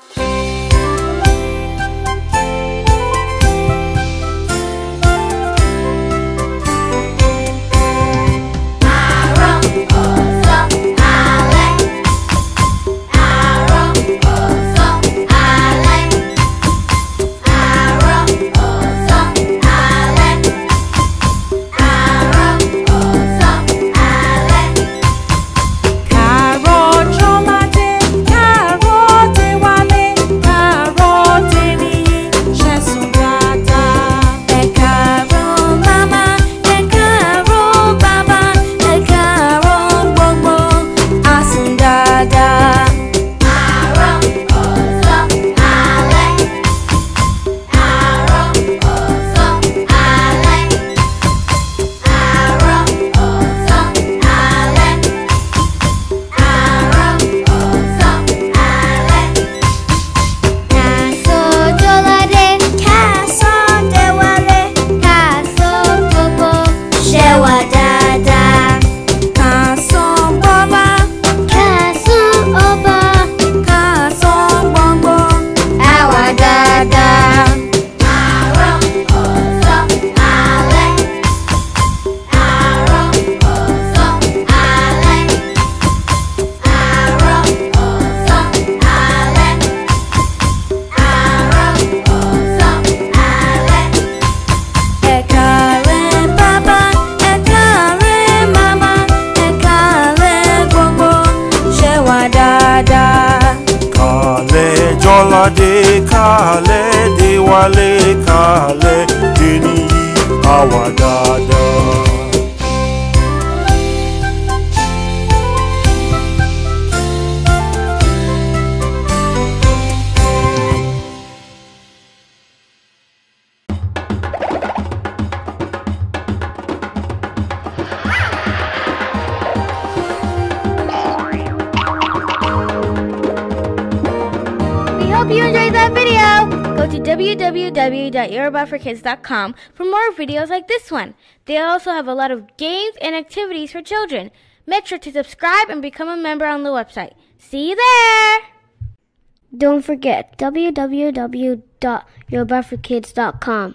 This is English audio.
Thank you. àwàdé kalẹ̀ dé wálé kalẹ̀ dé níyì àwàdàdà. hope you enjoyed that video! Go to www.yorubaforkids.com for more videos like this one. They also have a lot of games and activities for children. Make sure to subscribe and become a member on the website. See you there! Don't forget www.yorubaforkids.com.